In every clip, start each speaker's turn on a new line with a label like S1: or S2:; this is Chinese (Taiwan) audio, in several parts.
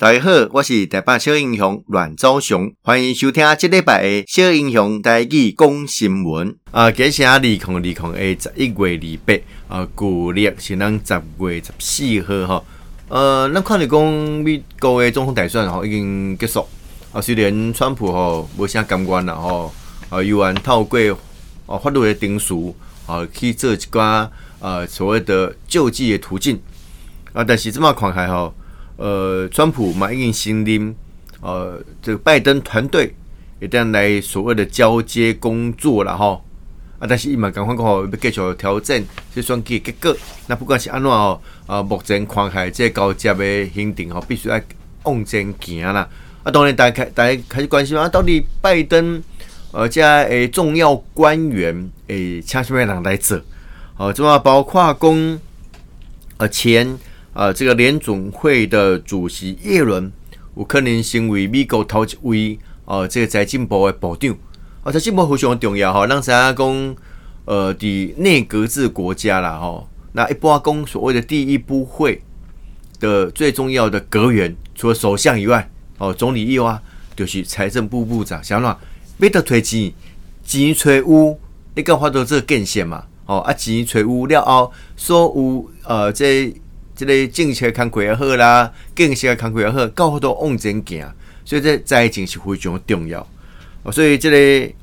S1: 大家好，我是台北小英雄阮昭雄，歡迎收聽這即禮拜嘅小英雄台語講新聞啊，今仔日二零二零十一月二八啊，舊曆是咱十月十四號吼，呃，咱、呃呃、看來講，美國嘅總統大選吼已經結束啊，雖然川普吼無啥監管啦吼，啊、呃，又按透過啊法律嘅定數啊去做一寡啊、呃、所謂的救濟嘅途徑啊、呃，但是這麼看下吼。呃呃，川普嘛已經承認，呃，這個拜登團隊也等來所謂的交接工作了哈，啊，但是伊嘛講反講吼，要繼續挑戰這選舉的結果，那不管是安怎吼，呃，目前看起來這個，交接的行程吼，必須要往前行啦。啊，當然大家開，大家開始關心啊，到底拜登呃這誒重要官員誒，請什麼人來做？吼，呃，即嘛包括講，呃，錢。啊、呃，這個聯準會的主席葉倫有可能成為美國頭一位哦、呃，這個財政部的部長。啊，財政部非常的重要哈，人知影講，呃的內閣制國家啦。吼、哦，那一般講所謂的第一部會的最重要的閣員，除了首相以外，哦，總理以外、啊，就是財政部部長。想啦，沒得推錢，錢錘烏，你講話到這個貢獻嘛，吼、哦，啊，錢錘烏了後，所有呃這。這個政策康軌也好啦、啊，經濟康軌也好，到好多往前行，所以這財政是非常重要。所以這個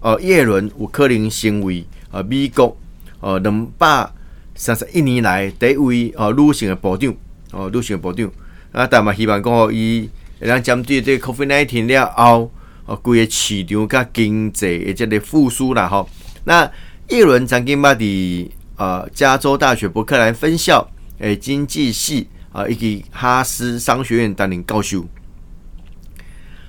S1: 呃，葉倫有可能成為呃美國呃，兩百三十一年來第一位呃，女性的部長呃女性的部長啊，但嘛，希望講哦，伊咱針對這 COVID-19 了後，呃，規個市場甲經濟，而且個復甦啦吼。那葉倫曾經巴底呃，加州大學伯克蘭分校。誒、欸，經濟系啊，以及哈斯商學院擔任教授。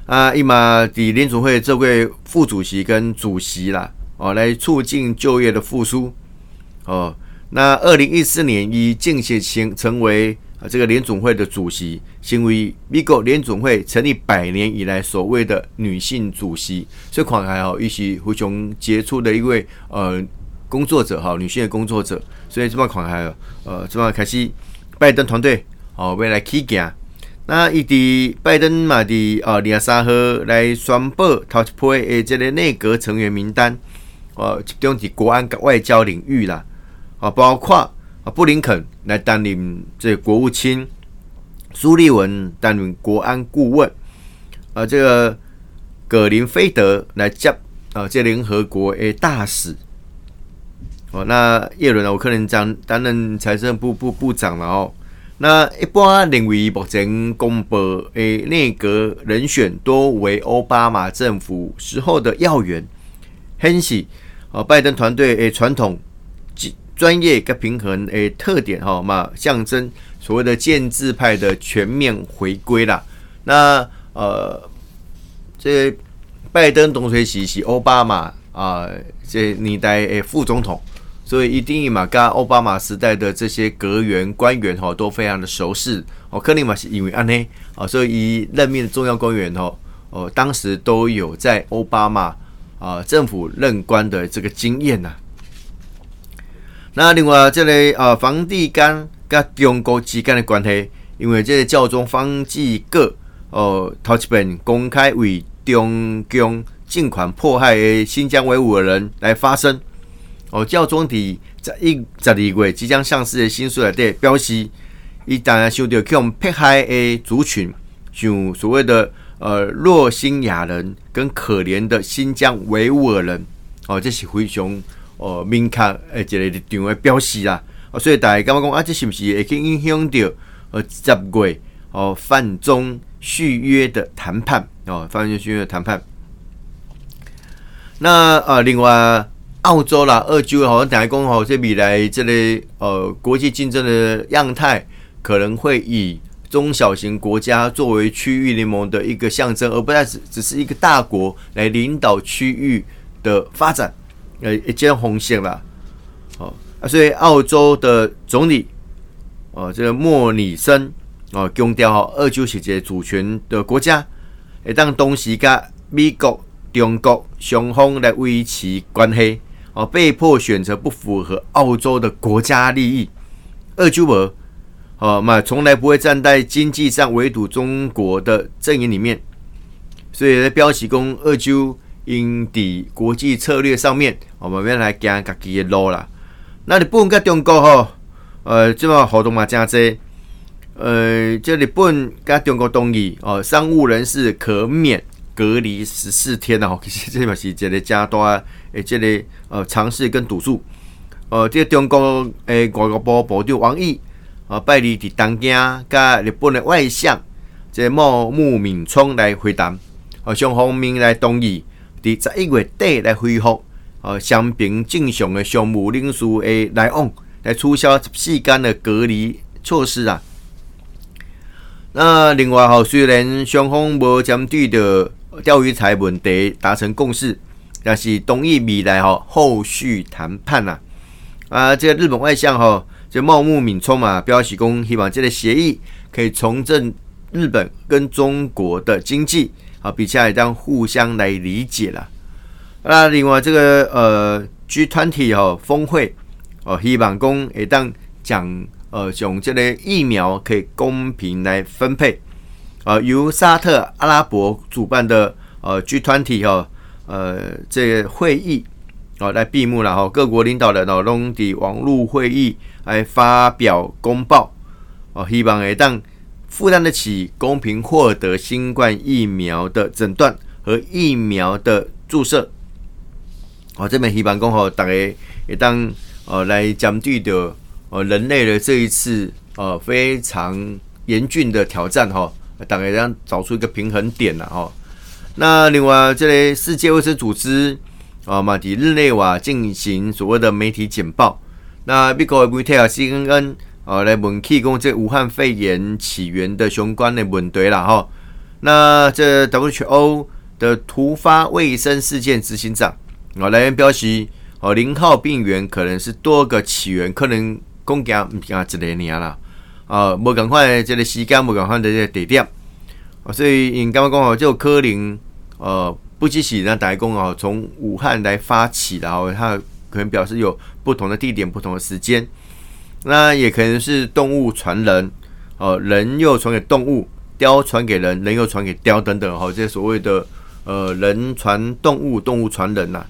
S1: 啊，伊嘛的聯準會這位副主席跟主席啦，哦、啊，來促進就業的復甦哦。那二零一四年伊正式成成為啊這個聯準會的主席，成為美國聯準會成立百年以來所謂的女性主席，這款還好一些，非常傑出的一位呃。工作者哈，女性的工作者，所以這幫款還有，呃，這幫開始拜登團隊哦，欲來起行，那伊滴拜登嘛、啊、的，呃，二十三號來宣布桃吉坡誒，這個內閣成員名單哦、啊，集中佇國安跟外交領域啦，啊，包括啊，布林肯來擔任這個國務卿，蘇利文擔任國安顧問，啊，這個格林菲德來接啊，這聯、個、合國誒大使。哦，那葉倫呢？我可能將擔任財政部部部長了哦。那一般認為目前公布誒內閣人選多為奧巴馬政府時候的要員，很喜啊，拜登團隊誒，傳統、專業、跟平衡誒特點哈嘛，象徵所謂的建制派的全面回歸啦。那呃，這拜登董事會是奧巴馬啊這年代誒副總統。所以，一定嘛，跟奧巴馬時代的這些閣員官員吼，都非常的熟悉。哦，克林嘛是因為安內，啊，所以任命的重要官員吼，哦，當時都有在奧巴馬啊政府任官的這個經驗吶、啊。那另外，這類啊，梵蒂岡跟中國之間的關係，因為這些教宗方濟各哦，他啟本公開為中共儘管迫害新疆維吾爾人來發聲。哦，教宗在十一、十二月即將上市的新書內底表示，伊當然受到給我們迫害的族群，像所謂的呃羅興亞人跟可憐的新疆維吾爾人，哦，這是非常哦，明確誒一個立場的定位表示啊，所以大家剛剛講啊，這是不是會去影響到呃十月哦梵中續約的談判？哦，梵中續約的談判。那呃另外。澳洲啦，澳洲好像等講吼，這筆來這裡、個，呃，國際競爭的樣態可能會以中小型國家作為區域聯盟的一個象徵，而不再只只是一個大國來領導區域的發展，呃，一件紅線啦。好、呃、啊，所以澳洲的總理，哦、呃，這個莫里森，哦、呃，強調哈，澳洲是一個主權的國家，會當同時甲美國、中國雙方來維持關係。哦，被迫選擇不符合澳洲的國家利益，澳洲哦，嘛從來不會站在經濟上圍堵中國的陣營裡面，所以在標旗公澳洲國際策略上面，我、哦、們來講家己的路啦。那日本跟中國哈、哦，呃，即個活動嘛樣子呃，即日本跟中國同意哦，商務人士可免隔離十四天的哦，其實即表現真的加多。誒，即個呃嘗試跟賭注，呃，即個、呃、中國誒外交部部長王毅呃拜日佇東京，甲日本的外相即、這個茂木敏充來會談，呃，雙方面來同意佇十一月底來恢復，呃雙邊正常的商務領事誒來往，來取消十四天的隔離措施啊。那另外吼、呃，雖然雙方無針對着釣魚台問題達成共識。但是同意未來吼，後續談判吶、啊，啊，這個日本外相吼、啊，這茂木敏充嘛，表示講希望這個協議可以重振日本跟中國的經濟，啊，比起來當互相來理解了。那、啊、另外這個呃 G20 吼、哦、峰會，哦、啊，希望講一旦講呃，從這個疫苗可以公平來分配，啊，由沙特阿拉伯主辦的呃 G20 吼、哦。呃，這個會議哦，來閉幕了哈。各國領導人的腦洞的網絡會議來發表公報哦。希望哎，當負擔得起、公平獲得新冠疫苗的診斷和疫苗的注射哦。這邊希望共和黨家一當呃，來講對的呃人類的這一次呃非常嚴峻的挑戰哈、哦，大家要找出一個平衡點吶哈。哦那另外，這個世界衛生組織啊，馬在日內瓦、啊、進行所謂的媒體簡報。那美國的媒體 CNN 啊，來問提供這個、武漢肺炎起源的相關的問題了哈。那這個、WHO 的突發衛生事件執行長啊，來源表示哦、啊，零號病源可能是多個起源，可能攻擊啊一類的啦。啊，無共款這個時間，無共款這個地點。所以你剛剛講好，就柯林，呃，不記起那打工哦，從武漢來發起，然後哦，他可能表示有不同的地點、不同的時間，那也可能是動物傳人，哦、呃，人又傳給動物，貂傳給人，人又傳給貂等等，哈，這些所謂的呃人傳動物、動物傳人吶、啊。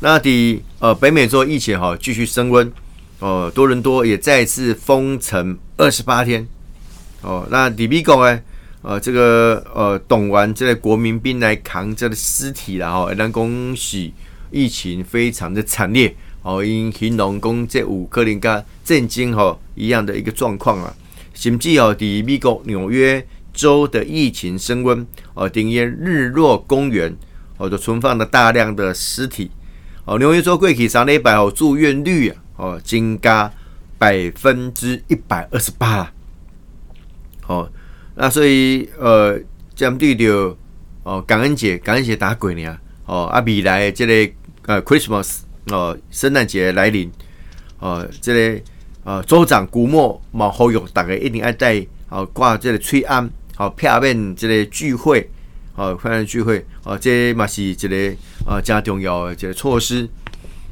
S1: 那第呃北美洲疫情哈繼續升溫，哦、呃，多倫多也再次封城二十八天，哦、呃，那 d 比哥哎。呃，這個呃，動員這個國民兵來扛這個屍體啦後而讓恭喜疫情非常的慘烈哦，因黑龍江這五個人家震驚吼一樣的一個狀況啊，甚至哦，佇美國紐約州的疫情升溫哦，頂一日落公園哦，就存放了大量的屍體哦，紐約州貴起上的一百哦，住院率、啊、哦，增加百分之一百二十八、啊、哦。那所以，呃，針對着哦，感恩節、感恩節打過年，哦啊，未來的這個呃，Christmas 哦，聖誕節的來臨，呃、哦，這個呃，州長、古莫、呼籲大家一定要戴哦掛這個催安，好漂亮這個聚會，好、哦、歡聚會，哦，這嘛是一、這個啊，加、呃、重要的一個措施。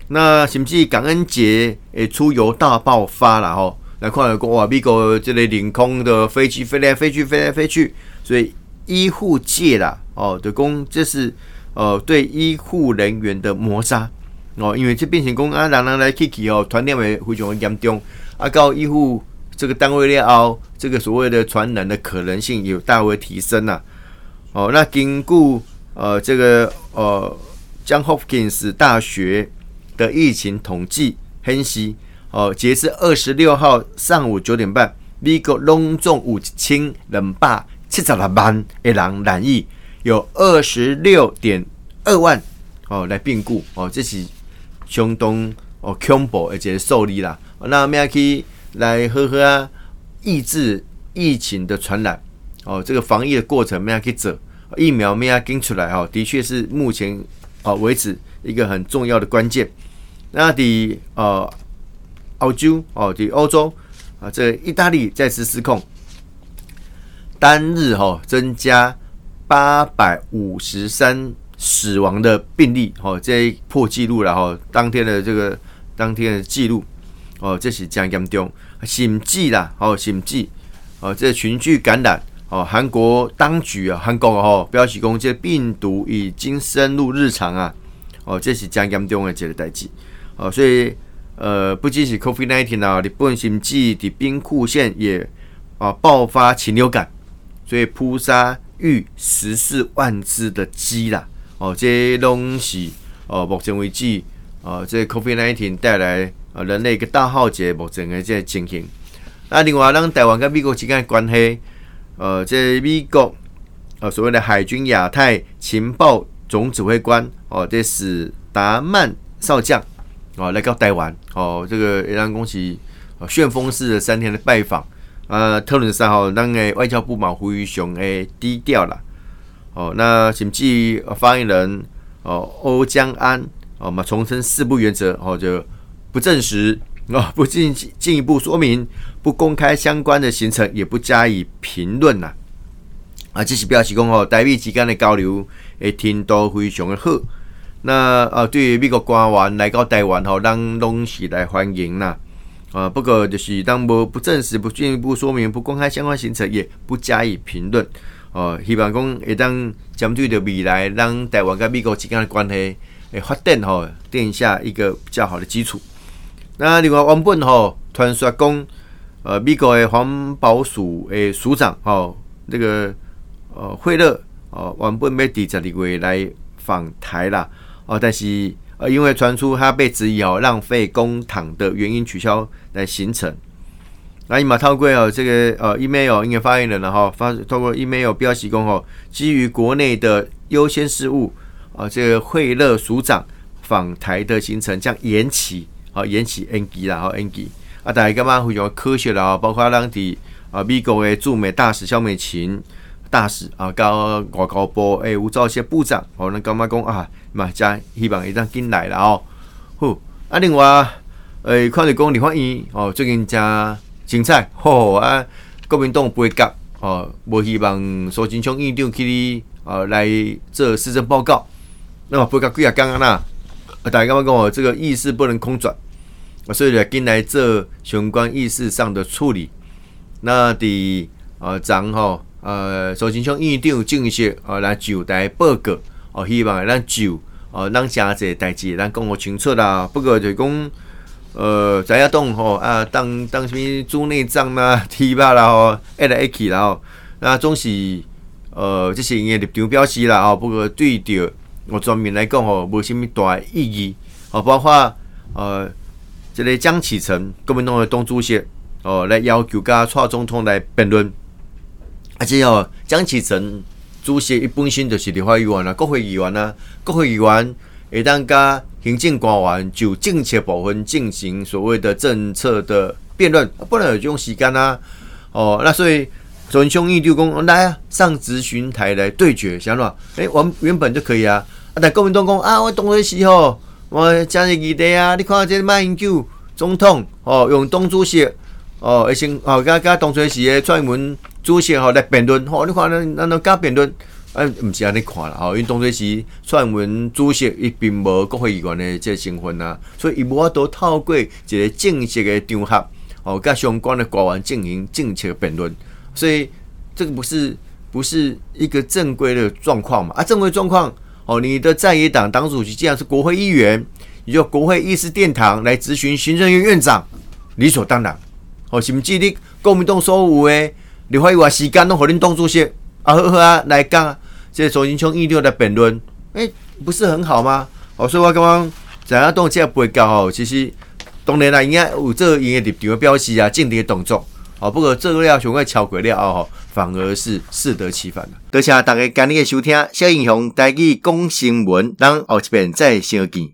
S1: 那甚至感恩節誒，出遊大爆發了吼。哦來看來說，有講哇，美國這類領空的飛機飛來飛去，飛來飛去，所以醫護界啦，哦，的工，這是呃，對醫護人員的磨殺哦，因為這變成講啊，人人來 Kiki 哦，傳染為非常嚴重，啊，到醫護這個單位裡，哦，這個所謂的傳染的可能性有大為提升吶、啊，哦，那根據呃這個呃，John Hopkins 大學的疫情統計分析。哦，截至二十六號上午九點半，美國攏總一千兩百七十六萬的人染疫，有二十六點二萬哦來病故哦，這是相當哦恐怖而且受力啦。那我們要去來呵呵啊，抑制疫情的傳染哦，這個防疫的過程我們要去走，疫苗我們要跟出來哦，的確是目前哦為止一個很重要的關鍵。那的呃。哦澳洲哦，對，歐洲啊，這個、意大利再次失控，單日哦增加八百五十三死亡的病例哦，這破紀錄了哈。當天的這個，當天的紀錄哦，這是將要丟。新季啦哦，新季哦，這群聚感染哦，韓國當局啊，韓國哦，表示講這病毒已經深入日常啊，哦，這是將要丟的這個代誌哦，所以。呃，不僅是 COVID-19 啊，日本甚至在兵庫縣也啊爆發禽流感，所以撲殺逾十四萬隻的雞啦。哦，這東西哦，目前為止啊、哦，這 COVID-19 帶來啊人類一個大浩劫，目前的這情形。那另外，咱台灣跟美國之間的關係，呃，這美國啊、呃、所謂的海軍亞太情報總指揮官哦，這是史達曼少將。哦，來到台灣哦，這個也讓恭喜，哦、旋風式的三天的拜訪，啊、呃，特倫斯哈讓誒外交部嘛非常誒低調了，哦，那請記發言人哦歐江安，我、哦、們重申四不原則，哦就不證實，哦不進進一步說明，不公開相關的行程，也不加以評論吶，啊，這是表示講哦，代表之間的交流誒，聽到非常的好。那啊，對於美國官員來到台灣吼，咱攏是來歡迎啦。啊，不過就是當無不,不證實，不進一步說明，不公開相關行程，也不加以評論。哦，希望講會當針對着未來，咱台灣甲美國之間的關係誒發展吼，定下一個比較好的基礎。那另外原本吼、喔，傳說講，呃，美國誒環保署誒署長吼，那、這個呃惠勒哦，原本要佇十二月來訪台啦。哦，但是呃，因為傳出他被質疑浪費公帑的原因，取消的行程。那嘛透過哦，這個呃，email 應該發言人然後發通過 email 表示公告，基於國內的優先事務啊，這個惠勒署長訪台的行程將延期，好延期 NG 延期啦，好 NG。啊，大家剛剛非常科學啦，包括當地呃啊，美國的駐美大使蕭美琴。大使啊，交外交部誒，吳釗燮部長，可能感覺講啊，嘛，再希望一張進來了哦。吼啊，另外誒、欸，看到講立法院哦，最近真精彩，吼啊，國民黨杯葛哦，無希望蘇貞昌院長去哩啊來做施政報告。那麼杯葛貴啊，剛剛吶，大家剛剛跟我這個議事不能空轉，所以來進來做相關議事上的處理。那第啊張吼。呃，首先向院長正式呃，來就台報告哦、呃，希望咱就哦咱加些代志，咱講個清楚啦。不過就講呃，在一動吼啊，當當什麼豬內臟啦、蹄吧啦吼，挨來挨去然後，那總是呃，這是伊的立場表示啦哦、呃。不過對着我專門來講吼，無什麼大的意義哦，包括呃，這個江啟臣，國民黨的黨主席哦、呃、來要求加蔡總統來辯論。而、啊、且哦，江啟臣主席一本身就是立法議員啊，國會議員啊，國會議員會當跟行政官員就政策部分進行所謂的政策的辯論、啊，不然有這種時間啦、啊，哦，那所以准凶一丟公來啊，上質詢台來對決，曉得無？誒、欸，我們原本就可以啊，啊，但國民黨講啊，我當初是吼，我蔣介石的啊，你看這馬英九總統哦，用董主席哦，一聲哦，加加當初是的串門。主席吼來辯論，吼你看那那那加辯論，哎，唔、啊、是安尼看了吼，因為當時是傳聞主席伊並無國會議員的這身份啊，所以伊無法度透過一個正式的場合，吼加相關的官員進行政策辯論，所以這個不是不是一個正規的狀況嘛。啊，正規狀況，哦，你的在野黨黨主席既然是國會議員，你就國會議事殿堂來質詢行政院院長，理所當然。哦，是唔是你國民黨說有的。你話話時間攏好恁，動做些啊呵呵啊來講啊，這重、個、新雄一六的辯論，誒、欸，不是很好嗎？好，所以我說我剛剛怎樣動作不會教吼，其實當然啦，應該有做營業立場的表示啊，正面的動作哦，不過這個料想會超過了哦，反而是適得其反了。多謝大家今日的收聽，小英雄台語講新聞，咱後擺再相見。